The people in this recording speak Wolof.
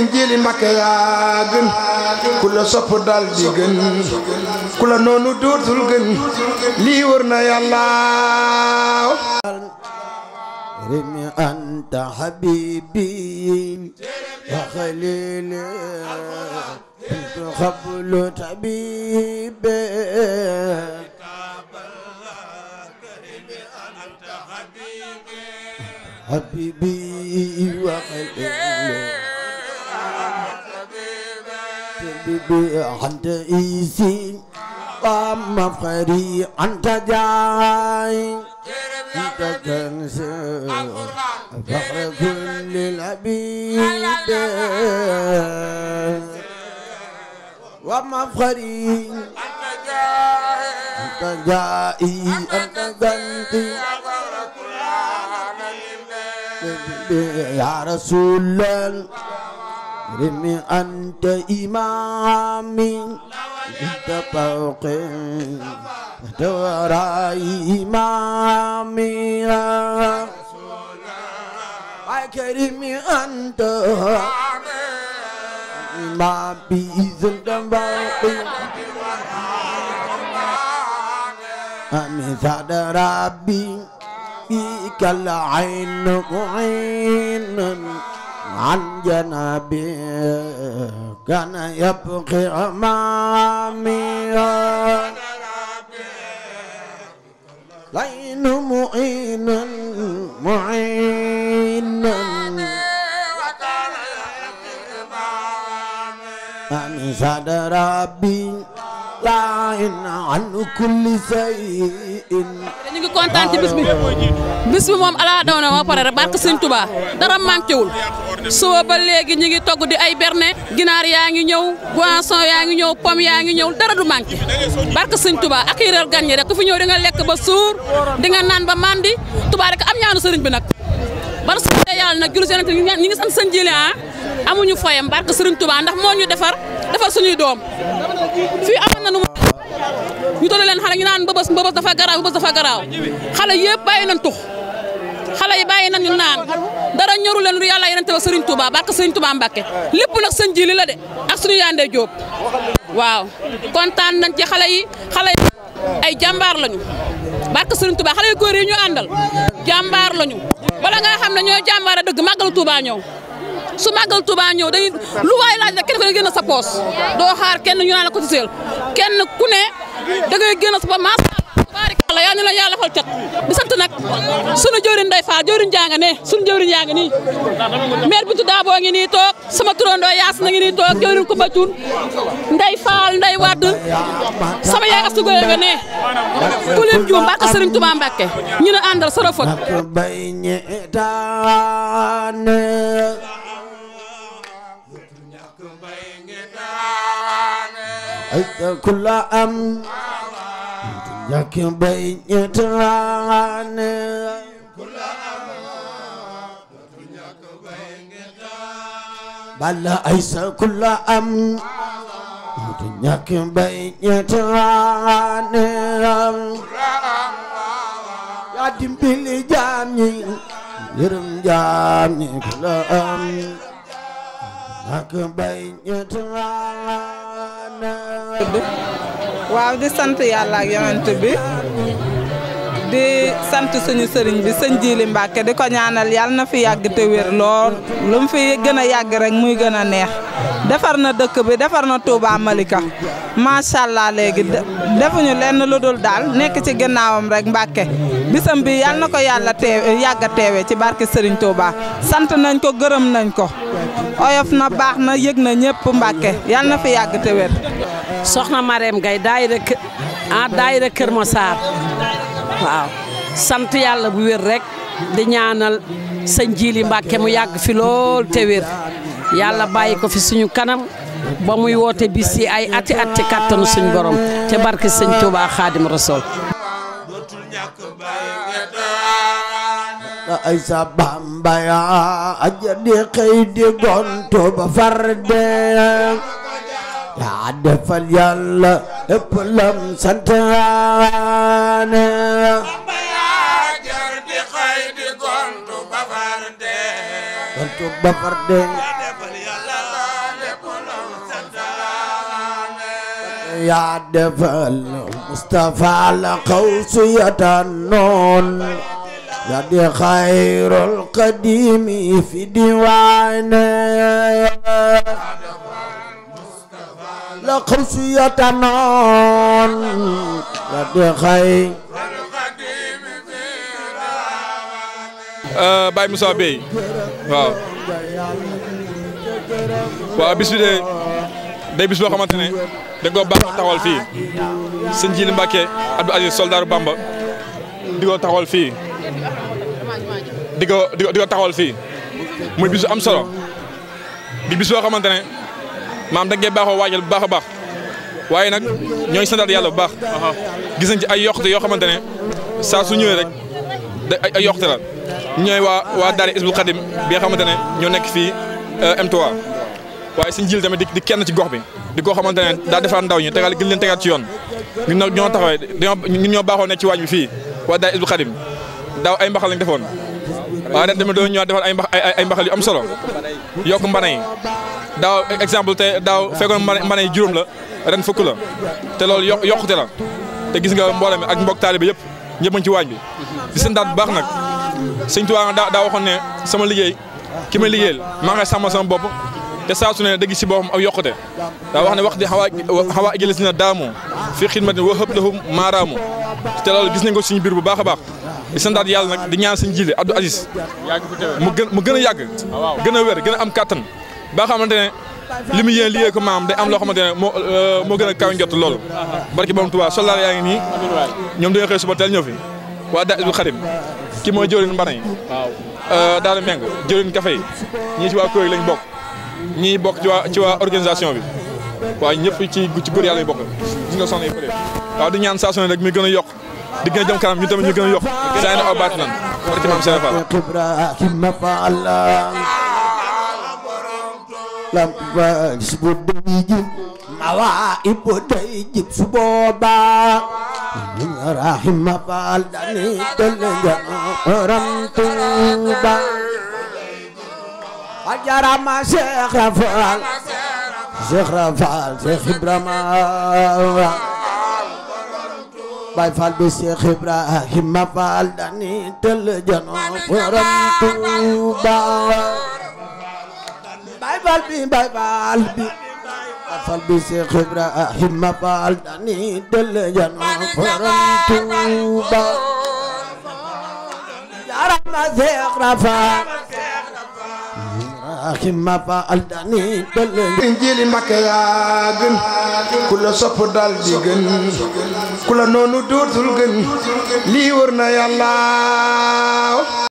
injiili Mbakke yaa gën ku la na yàlla anta habibi wa xalili kuntu xablu tabibi habibi xalili أنت إيسي ومفخري أنت جاي أنت كنز فخر كل العبيد ومفخري أنت جاي أنت كنزي يا رسول الله رمي أنت إمامي تفوقي دورا إمامي كريمي أنت ما بيزن دمبقي أمي ثاد ربي بك العين معين عن جنبي كان يبقي أمامي لين معين معين من صدر ربي ñu ngi kontaan ci bis bi bis bi moom ala daw na ma pare rek barke sëñ Touba dara manquéwul suba ba léegi ñu ngi togg di ay berne ginaar yaa ngi ñëw boisson yaa ngi ñëw pomme yaa ngi ñëw dara du manqué barke sëñ Touba ak i réer gan ñi rek ku fi ñëw di nga lekk ba suur di nga naan ba mandi Touba rek am ñaanu sëriñ bi nag bar su dee yàlla nag jullit ñu ngi sant sëñ Jili ah. amuñu foyam barke sëriñ Touba ndax moo ñu defar defar suñuy doom fii amoon na nu mu ñu tëdd naan mbëbës dafa garaaw mbëbës dafa garaaw xale yëpp bàyyi nañ tux xale yi bàyyi nañ ñu naan dara ñoru leen lu yàlla yeneen te ba Serigne Touba barke Serigne lépp nag sëñ ji la de ak suñu yaandee Diop waaw kontaan nañ ci xale yi xale yi ay jàmbaar lañu barke Serigne Touba xale yu góor yi ñu lañu bala nga xam ne ñoo jàmbaar a dëgg màggalu Touba su màggal Touba ñëw dañuy lu waay laaj rek kenn ku ne génn sa poos doo xaar kenn ñu naan la cotiser kenn ku ne da ngay génn sa poos macha allah tabaarkalla yaa la yàlla cat di sant nag sunu jëwriñ Ndeye Fall jëwriñ jaa ne sunu jëwriñ yaa nga nii Bintu Daaboo ngi nii sama turandoo Yaas na ngi nii toog jëwriñ ko Bacuun Ndeye Fall sama yaay Astu ne ku leen juum barke Sëriñ Tuubaa Mbàkke ñu ne àndal كل أم جاك بيت عاني كل أم جاك بيت بلا أيس كل أم جاك بيت عاني يا دمبلي جامي يرم جامي كل أم جاك بيت عاني waaw di sant yàlla ak yonent bi sant suñu sëriñ bi sëñ Jiili Mbàkke di ko ñaanal yàlla na fi yàgg te wér lool lu fi gën a yàgg rek muy gën a neex defar na dëkk bi defar na Touba Malika macha allah léegi defuñu lenn lu dul daal nekk ci ginnaawam rek mbakke bisam bi yàlla na ko yàlla teewe yàgg a teewe ci barke sëriñ Touba sant nañ ko gërëm nañ ko oyof na baax na yëg na ñëpp Mbàkke yàlla na fi yàgg te wér soxna Marème gay daayira ah daayira Kër Massar waaw sant yàlla bu wér rekk di ñaanal sëñ Jili Mbàkke mu yàgg fi lool te wér yàlla bàyyi ko fi suñu kanam ba muy woote bis yi ay ati ati kàttanu suñu borom te barke sëñ Touba Xaadim Rasool ay yaa defal yàlla lépp lam santaane ba yaa jar di xëy di gontu ba far dee gontu ba far dee yaa defal yàlla lépp lam santaane yaa defal Mustafa la xawsu yatanoon yaa di xayrul qadimi fi diwaane la خمسية نون لدخي Baye Moussa Bey waaw waaw bis bi de day bis boo xamante ne da nga ko baax taxawal fii sëñ Jili Mbàkke Abdou Aziz soldaaru Bamba di ko taxawal fii di ko di ko taxawal fii muy bisu am solo di bis boo xamante ne maam da ngeen baaxoo waajal bu baax baax waaye nag ñooy ngi yàlla bu baax. gis nañ ci ay yokkute yoo xamante ne saa su ñëwee rek da ay yokkute la ñooy waa waa Daara Isbul Xadim bi nga xamante ne ñoo nekk fii euh, M3 waaye suñu jil tamit di kenn ci gox bi di koo xamante ne daa defar ndaw ñi tegal gën leen tegaat ci yoon ñun nag ñoo taxawee ñun ñoo baaxoo nekk ci waañ bi fii waa Daara Isbul Xadim daaw ay mbaxal lañ defoon waaye ren tamit doo ñëwaat defar ay mbax ay mbaxal yu am solo yokk mbana yi daaw exemple te daaw fekkoon mën ay juróom la ren fukk la te loolu yokk yokkute la te gis nga mbooloo mi ak mbokk taalibe yëpp ñëpp ci waañ bi di seen bu baax nag sëñ Tuubaa daa daa waxoon ne sama liggéey ki ma liggéeyal maa ngi sàmmal sama bopp te saa su ne dëgg si boppam ak yokkute daa wax ne wax di xawaa xawaa ijalis na daamu fii xidmatin wa hëb lahum maaraamu te loolu gis nañ ko suñu biir bu baax a baax di santaat yàlla nag di ñaan suñu jile Abdou Aziz mu gën mu gën a yàgg gën a wér gën a am kàttan ba xamante ne li mu yéen liggéey ko maam day am loo xamante ne moo euh, moo gën a kaw njot loolu barki borom Tuubaa soldaar yaa ngi nii ñoom dañoo xëy suba teel ñëw fi waa daa isbu xadim ki mooy jëwrin mbana euh, daal meng jëwrin café yi ñii ci waa kuréel lañ bokk ñii bokk ci waa ci bi waaw ñëpp ci ci góor yàlla bokk gis nga soxna yi fële waaw di ñaan saa su ne rek muy gën a yokk di gën a jëm kanam ñu tamit ñu gën a yokk saa yi ne aw baat nan barki maam Sëriñ su day jib ma waa ibu day jib su booba rahima baal dani dëlle jaram tuuba ajarama Seex Rafaal Rafaal Seex Ibrahima Baay Faal bi Seex Ibrahima Faal tuuba fal bi bay fal bi fal bi Seex Ibrahima Faal dani delle jan ma faram Tuuba yaram na Seex Rafa Ibrahima Faal dani delle Injiili Mbakke yaa gën ku la dal di gën ku la noonu dootul gën lii wër na Yàlla